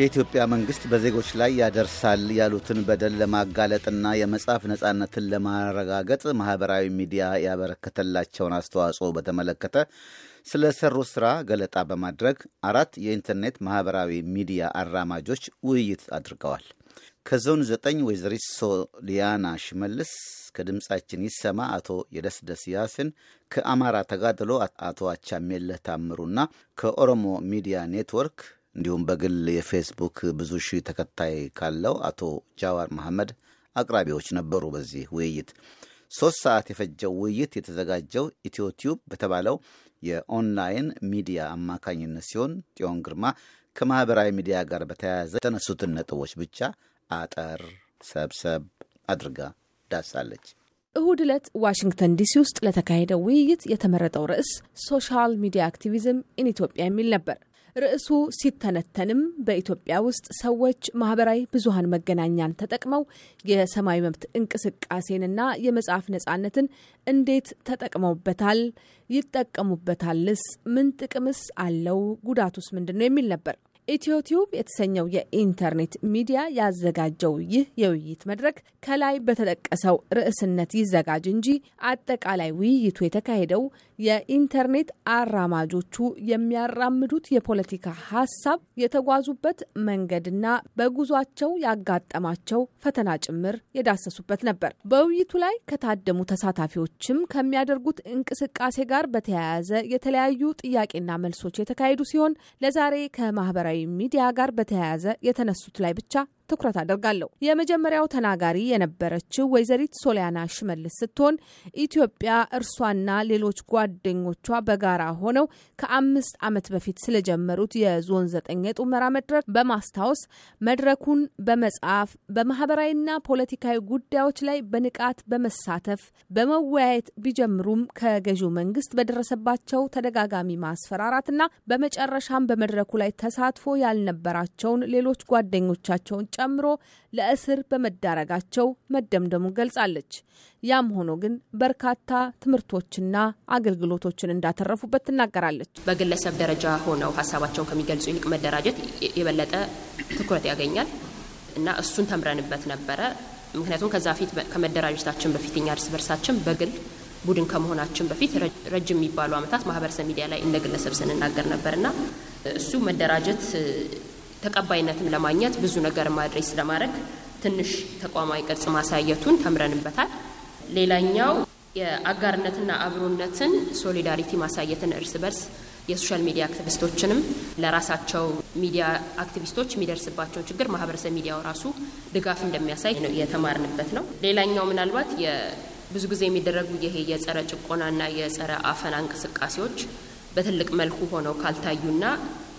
የኢትዮጵያ መንግስት በዜጎች ላይ ያደርሳል ያሉትን በደል ለማጋለጥና የመጻፍ ነጻነትን ለማረጋገጥ ማህበራዊ ሚዲያ ያበረከተላቸውን አስተዋጽኦ በተመለከተ ስለ ሰሩ ስራ ገለጣ በማድረግ አራት የኢንተርኔት ማህበራዊ ሚዲያ አራማጆች ውይይት አድርገዋል። ከዞን ዘጠኝ ወይዘሪት ሶሊያና ሽመልስ፣ ከድምፃችን ይሰማ አቶ የደስደስ ያስን፣ ከአማራ ተጋድሎ አቶ አቻሜለህ ታምሩና ከኦሮሞ ሚዲያ ኔትወርክ እንዲሁም በግል የፌስቡክ ብዙ ሺህ ተከታይ ካለው አቶ ጃዋር መሐመድ አቅራቢዎች ነበሩ። በዚህ ውይይት ሶስት ሰዓት የፈጀው ውይይት የተዘጋጀው ኢትዮቲዩብ በተባለው የኦንላይን ሚዲያ አማካኝነት ሲሆን ጽዮን ግርማ ከማህበራዊ ሚዲያ ጋር በተያያዘ የተነሱትን ነጥቦች ብቻ አጠር ሰብሰብ አድርጋ ዳሳለች። እሁድ ዕለት ዋሽንግተን ዲሲ ውስጥ ለተካሄደው ውይይት የተመረጠው ርዕስ ሶሻል ሚዲያ አክቲቪዝም ኢን ኢትዮጵያ የሚል ነበር። ርዕሱ ሲተነተንም በኢትዮጵያ ውስጥ ሰዎች ማህበራዊ ብዙሀን መገናኛን ተጠቅመው የሰማይ መብት እንቅስቃሴንና የመጽሐፍ ነጻነትን እንዴት ተጠቅመውበታል? ይጠቀሙበታልስ? ምን ጥቅምስ አለው? ጉዳቱስ ምንድን ነው? የሚል ነበር። ኢትዮቲዩብ የተሰኘው የኢንተርኔት ሚዲያ ያዘጋጀው ይህ የውይይት መድረክ ከላይ በተጠቀሰው ርዕስነት ይዘጋጅ እንጂ አጠቃላይ ውይይቱ የተካሄደው የኢንተርኔት አራማጆቹ የሚያራምዱት የፖለቲካ ሀሳብ የተጓዙበት መንገድና በጉዟቸው ያጋጠማቸው ፈተና ጭምር የዳሰሱበት ነበር። በውይይቱ ላይ ከታደሙ ተሳታፊዎችም ከሚያደርጉት እንቅስቃሴ ጋር በተያያዘ የተለያዩ ጥያቄና መልሶች የተካሄዱ ሲሆን ለዛሬ ከማህበራዊ ሚዲያ ጋር በተያያዘ የተነሱት ላይ ብቻ ትኩረት አደርጋለሁ። የመጀመሪያው ተናጋሪ የነበረችው ወይዘሪት ሶሊያና ሽመልስ ስትሆን ኢትዮጵያ እርሷና ሌሎች ጓደኞቿ በጋራ ሆነው ከአምስት ዓመት በፊት ስለጀመሩት የዞን ዘጠኝ የጡመራ መድረክ በማስታወስ መድረኩን በመጻፍ በማህበራዊና ፖለቲካዊ ጉዳዮች ላይ በንቃት በመሳተፍ በመወያየት ቢጀምሩም ከገዢው መንግስት በደረሰባቸው ተደጋጋሚ ማስፈራራትና በመጨረሻም በመድረኩ ላይ ተሳትፎ ያልነበራቸውን ሌሎች ጓደኞቻቸውን ጨምሮ ለእስር በመዳረጋቸው መደምደሙን ገልጻለች። ያም ሆኖ ግን በርካታ ትምህርቶችና አገልግሎቶችን እንዳተረፉበት ትናገራለች። በግለሰብ ደረጃ ሆነው ሀሳባቸውን ከሚገልጹ ይልቅ መደራጀት የበለጠ ትኩረት ያገኛል እና እሱን ተምረንበት ነበረ። ምክንያቱም ከዛ ፊት ከመደራጀታችን በፊት እኛ እርስ በርሳችን በግል ቡድን ከመሆናችን በፊት ረጅም የሚባሉ ዓመታት ማህበረሰብ ሚዲያ ላይ እንደ ግለሰብ ስንናገር ነበርና እሱ መደራጀት ተቀባይነትም ለማግኘት ብዙ ነገር ማድረስ ለማድረግ ትንሽ ተቋማዊ ቅርጽ ማሳየቱን ተምረንበታል። ሌላኛው የአጋርነትና አብሮነትን ሶሊዳሪቲ ማሳየትን እርስ በርስ የሶሻል ሚዲያ አክቲቪስቶችንም ለራሳቸው ሚዲያ አክቲቪስቶች የሚደርስባቸውን ችግር ማህበረሰብ ሚዲያው ራሱ ድጋፍ እንደሚያሳይ ነው የተማርንበት ነው። ሌላኛው ምናልባት ብዙ ጊዜ የሚደረጉ ይሄ የጸረ ጭቆናና የጸረ አፈና እንቅስቃሴዎች በትልቅ መልኩ ሆነው ካልታዩና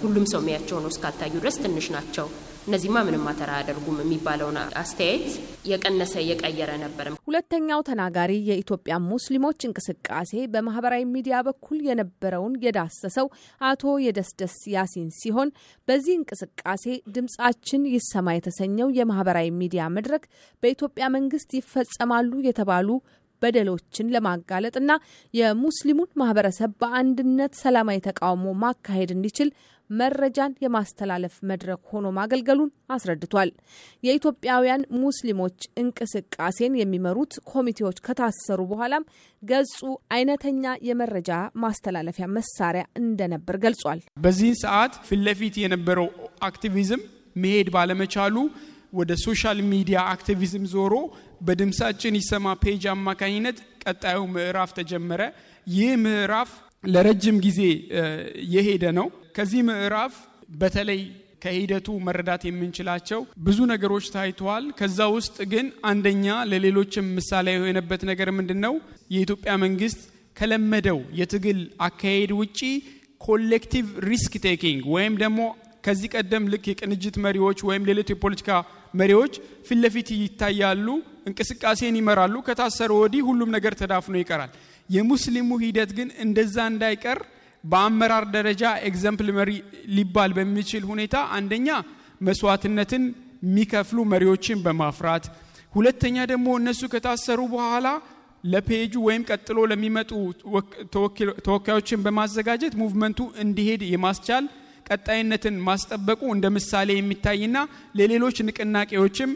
ሁሉም ሰው የሚያቸው ነው እስካልታዩ ድረስ ትንሽ ናቸው። እነዚህማ ምንም አተራ አያደርጉም የሚባለውን አስተያየት የቀነሰ የቀየረ ነበርም። ሁለተኛው ተናጋሪ የኢትዮጵያ ሙስሊሞች እንቅስቃሴ በማህበራዊ ሚዲያ በኩል የነበረውን የዳሰሰው አቶ የደስደስ ያሲን ሲሆን በዚህ እንቅስቃሴ ድምጻችን ይሰማ የተሰኘው የማህበራዊ ሚዲያ መድረክ በኢትዮጵያ መንግስት ይፈጸማሉ የተባሉ በደሎችን ለማጋለጥና የሙስሊሙን ማህበረሰብ በአንድነት ሰላማዊ ተቃውሞ ማካሄድ እንዲችል መረጃን የማስተላለፍ መድረክ ሆኖ ማገልገሉን አስረድቷል። የኢትዮጵያውያን ሙስሊሞች እንቅስቃሴን የሚመሩት ኮሚቴዎች ከታሰሩ በኋላም ገጹ አይነተኛ የመረጃ ማስተላለፊያ መሳሪያ እንደነበር ገልጿል። በዚህ ሰዓት ፊት ለፊት የነበረው አክቲቪዝም መሄድ ባለመቻሉ ወደ ሶሻል ሚዲያ አክቲቪዝም ዞሮ በድምሳችን ይሰማ ፔጅ አማካኝነት ቀጣዩ ምዕራፍ ተጀመረ። ይህ ምዕራፍ ለረጅም ጊዜ የሄደ ነው። ከዚህ ምዕራፍ በተለይ ከሂደቱ መረዳት የምንችላቸው ብዙ ነገሮች ታይተዋል። ከዛ ውስጥ ግን አንደኛ ለሌሎችም ምሳሌ የሆነበት ነገር ምንድን ነው? የኢትዮጵያ መንግስት ከለመደው የትግል አካሄድ ውጪ ኮሌክቲቭ ሪስክ ቴኪንግ ወይም ደግሞ ከዚህ ቀደም ልክ የቅንጅት መሪዎች ወይም ሌሎች የፖለቲካ መሪዎች ፊት ለፊት ይታያሉ፣ እንቅስቃሴን ይመራሉ። ከታሰሩ ወዲህ ሁሉም ነገር ተዳፍኖ ይቀራል። የሙስሊሙ ሂደት ግን እንደዛ እንዳይቀር በአመራር ደረጃ ኤግዘምፕል መሪ ሊባል በሚችል ሁኔታ አንደኛ መስዋዕትነትን የሚከፍሉ መሪዎችን በማፍራት ሁለተኛ ደግሞ እነሱ ከታሰሩ በኋላ ለፔጁ ወይም ቀጥሎ ለሚመጡ ተወካዮችን በማዘጋጀት ሙቭመንቱ እንዲሄድ የማስቻል ቀጣይነትን ማስጠበቁ እንደ ምሳሌ የሚታይና ለሌሎች ንቅናቄዎችም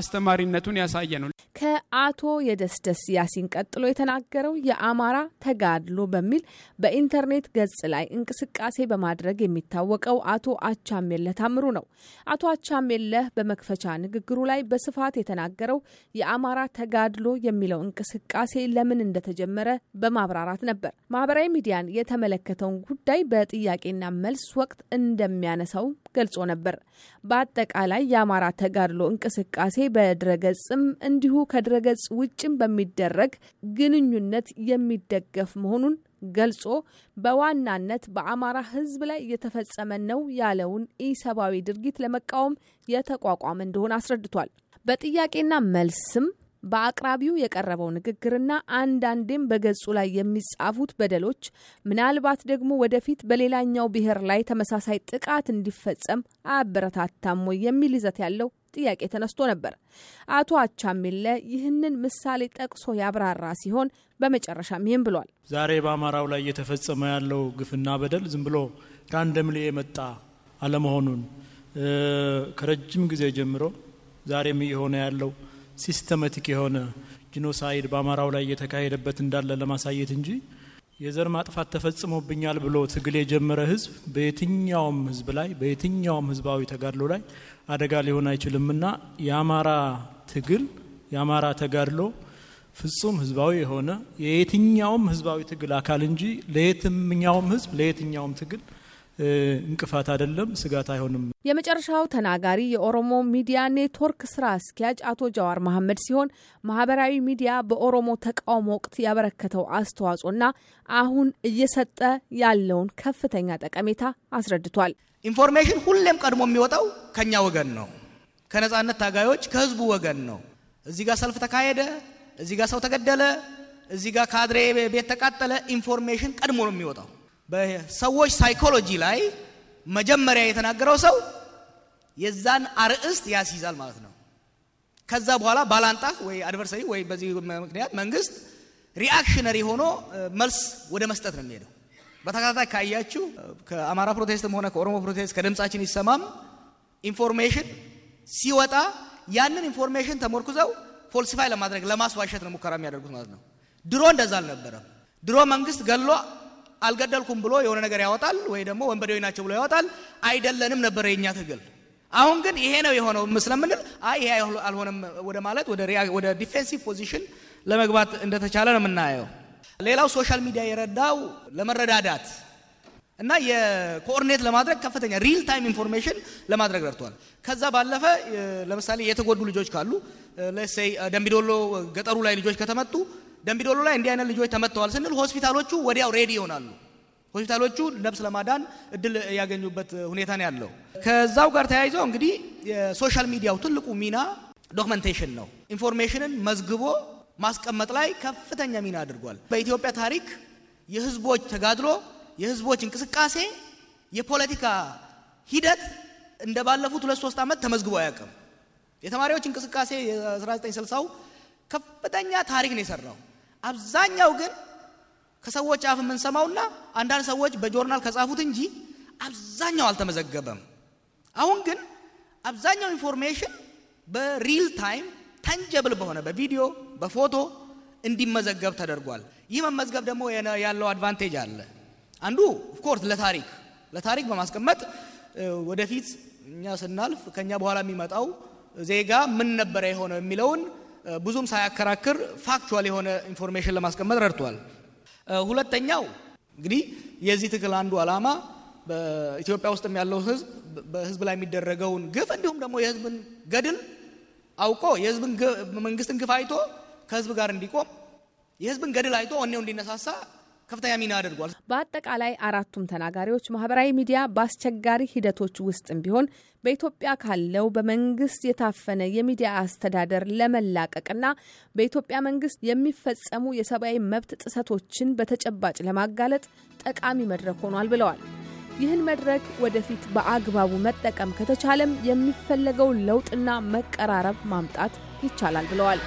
አስተማሪነቱን ያሳየ ነው። ከአቶ የደስደስ ያሲን ቀጥሎ የተናገረው የአማራ ተጋድሎ በሚል በኢንተርኔት ገጽ ላይ እንቅስቃሴ በማድረግ የሚታወቀው አቶ አቻሜለህ ታምሩ ነው። አቶ አቻሜለህ በመክፈቻ ንግግሩ ላይ በስፋት የተናገረው የአማራ ተጋድሎ የሚለው እንቅስቃሴ ለምን እንደተጀመረ በማብራራት ነበር። ማህበራዊ ሚዲያን የተመለከተውን ጉዳይ በጥያቄና መልስ ወቅት እንደሚያነሳው ገልጾ ነበር። በአጠቃላይ የአማራ ተጋድሎ እንቅስቃሴ በድረገጽም እንዲሁ ከድረገጽ ውጭም በሚደረግ ግንኙነት የሚደገፍ መሆኑን ገልጾ በዋናነት በአማራ ሕዝብ ላይ እየተፈጸመ ነው ያለውን ኢሰብአዊ ድርጊት ለመቃወም የተቋቋመ እንደሆነ አስረድቷል። በጥያቄና መልስም በአቅራቢው የቀረበው ንግግርና አንዳንዴም በገጹ ላይ የሚጻፉት በደሎች ምናልባት ደግሞ ወደፊት በሌላኛው ብሔር ላይ ተመሳሳይ ጥቃት እንዲፈጸም አያበረታታም ወይ የሚል ይዘት ያለው ጥያቄ ተነስቶ ነበር። አቶ አቻሚለ ይህንን ምሳሌ ጠቅሶ ያብራራ ሲሆን በመጨረሻም ይህም ብሏል። ዛሬ በአማራው ላይ እየተፈጸመ ያለው ግፍና በደል ዝም ብሎ ራንደምሊ የመጣ አለመሆኑን ከረጅም ጊዜ ጀምሮ ዛሬም እየሆነ ያለው ሲስተማቲክ የሆነ ጂኖሳይድ በአማራው ላይ እየተካሄደበት እንዳለ ለማሳየት እንጂ የዘር ማጥፋት ተፈጽሞብኛል ብሎ ትግል የጀመረ ህዝብ በየትኛውም ህዝብ ላይ በየትኛውም ህዝባዊ ተጋድሎ ላይ አደጋ ሊሆን አይችልምና የአማራ ትግል የአማራ ተጋድሎ ፍጹም ህዝባዊ የሆነ የየትኛውም ህዝባዊ ትግል አካል እንጂ ለየትኛውም ህዝብ ለየትኛውም ትግል እንቅፋት አይደለም፣ ስጋት አይሆንም። የመጨረሻው ተናጋሪ የኦሮሞ ሚዲያ ኔትወርክ ስራ አስኪያጅ አቶ ጃዋር መሐመድ ሲሆን ማህበራዊ ሚዲያ በኦሮሞ ተቃውሞ ወቅት ያበረከተው አስተዋጽኦና አሁን እየሰጠ ያለውን ከፍተኛ ጠቀሜታ አስረድቷል። ኢንፎርሜሽን ሁሌም ቀድሞ የሚወጣው ከኛ ወገን ነው፣ ከነጻነት ታጋዮች ከህዝቡ ወገን ነው። እዚህ ጋር ሰልፍ ተካሄደ፣ እዚህ ጋር ሰው ተገደለ፣ እዚህ ጋር ካድሬ ቤት ተቃጠለ፣ ኢንፎርሜሽን ቀድሞ ነው የሚወጣው በሰዎች ሳይኮሎጂ ላይ መጀመሪያ የተናገረው ሰው የዛን አርዕስት ያስይዛል ማለት ነው ከዛ በኋላ ባላንጣ ወይ አድቨርሰሪ ወይ በዚህ ምክንያት መንግስት ሪአክሽነሪ ሆኖ መልስ ወደ መስጠት ነው የሚሄደው በተከታታይ ካያችሁ ከአማራ ፕሮቴስትም ሆነ ከኦሮሞ ፕሮቴስት ከድምፃችን ይሰማም ኢንፎርሜሽን ሲወጣ ያንን ኢንፎርሜሽን ተሞርኩዘው ፎልሲፋይ ለማድረግ ለማስዋሸት ነው ሙከራ የሚያደርጉት ማለት ነው ድሮ እንደዛ አልነበረም ድሮ መንግስት ገሎ አልገደልኩም ብሎ የሆነ ነገር ያወጣል ወይ ደግሞ ወንበዴዎች ናቸው ብሎ ያወጣል አይደለንም ነበር የኛ ትግል አሁን ግን ይሄ ነው የሆነው ምስለምንል አይ ይሄ አልሆነም ወደ ማለት ወደ ዲፌንሲቭ ፖዚሽን ለመግባት እንደተቻለ ነው የምናየው ሌላው ሶሻል ሚዲያ የረዳው ለመረዳዳት እና የኮኦርዲኔት ለማድረግ ከፍተኛ ሪል ታይም ኢንፎርሜሽን ለማድረግ ረድቷል ከዛ ባለፈ ለምሳሌ የተጎዱ ልጆች ካሉ ለሴይ ደምቢዶሎ ገጠሩ ላይ ልጆች ከተመጡ ደምቢዶሎ ላይ እንዲህ አይነት ልጆች ተመተዋል ስንል ሆስፒታሎቹ ወዲያው ሬዲ ይሆናሉ። ሆስፒታሎቹ ነብስ ለማዳን እድል ያገኙበት ሁኔታ ነው ያለው። ከዛው ጋር ተያይዞ እንግዲህ የሶሻል ሚዲያው ትልቁ ሚና ዶክመንቴሽን ነው። ኢንፎርሜሽንን መዝግቦ ማስቀመጥ ላይ ከፍተኛ ሚና አድርጓል። በኢትዮጵያ ታሪክ የህዝቦች ተጋድሎ፣ የህዝቦች እንቅስቃሴ፣ የፖለቲካ ሂደት እንደ ባለፉት ሁለት ሶስት ዓመት ተመዝግቦ አያውቅም። የተማሪዎች እንቅስቃሴ የ1960ው ከፍተኛ ታሪክ ነው የሰራው። አብዛኛው ግን ከሰዎች አፍ የምንሰማውና አንዳንድ ሰዎች በጆርናል ከጻፉት እንጂ አብዛኛው አልተመዘገበም አሁን ግን አብዛኛው ኢንፎርሜሽን በሪል ታይም ተንጀብል በሆነ በቪዲዮ በፎቶ እንዲመዘገብ ተደርጓል ይህ መመዝገብ ደግሞ ያለው አድቫንቴጅ አለ አንዱ ኦፍኮርስ ለታሪክ ለታሪክ በማስቀመጥ ወደፊት እኛ ስናልፍ ከኛ በኋላ የሚመጣው ዜጋ ምን ነበረ የሆነው የሚለውን ብዙም ሳያከራክር ፋክቹዋል የሆነ ኢንፎርሜሽን ለማስቀመጥ ረድቷል። ሁለተኛው እንግዲህ የዚህ ትግል አንዱ ዓላማ በኢትዮጵያ ውስጥም ያለው ህዝብ በህዝብ ላይ የሚደረገውን ግፍ እንዲሁም ደግሞ የህዝብን ገድል አውቆ የህዝብን መንግስትን ግፍ አይቶ ከህዝብ ጋር እንዲቆም የህዝብን ገድል አይቶ ወኔው እንዲነሳሳ ከፍተኛ ሚና አድርጓል። በአጠቃላይ አራቱም ተናጋሪዎች ማህበራዊ ሚዲያ በአስቸጋሪ ሂደቶች ውስጥም ቢሆን በኢትዮጵያ ካለው በመንግስት የታፈነ የሚዲያ አስተዳደር ለመላቀቅና በኢትዮጵያ መንግስት የሚፈጸሙ የሰብአዊ መብት ጥሰቶችን በተጨባጭ ለማጋለጥ ጠቃሚ መድረክ ሆኗል ብለዋል። ይህን መድረክ ወደፊት በአግባቡ መጠቀም ከተቻለም የሚፈለገው ለውጥና መቀራረብ ማምጣት ይቻላል ብለዋል።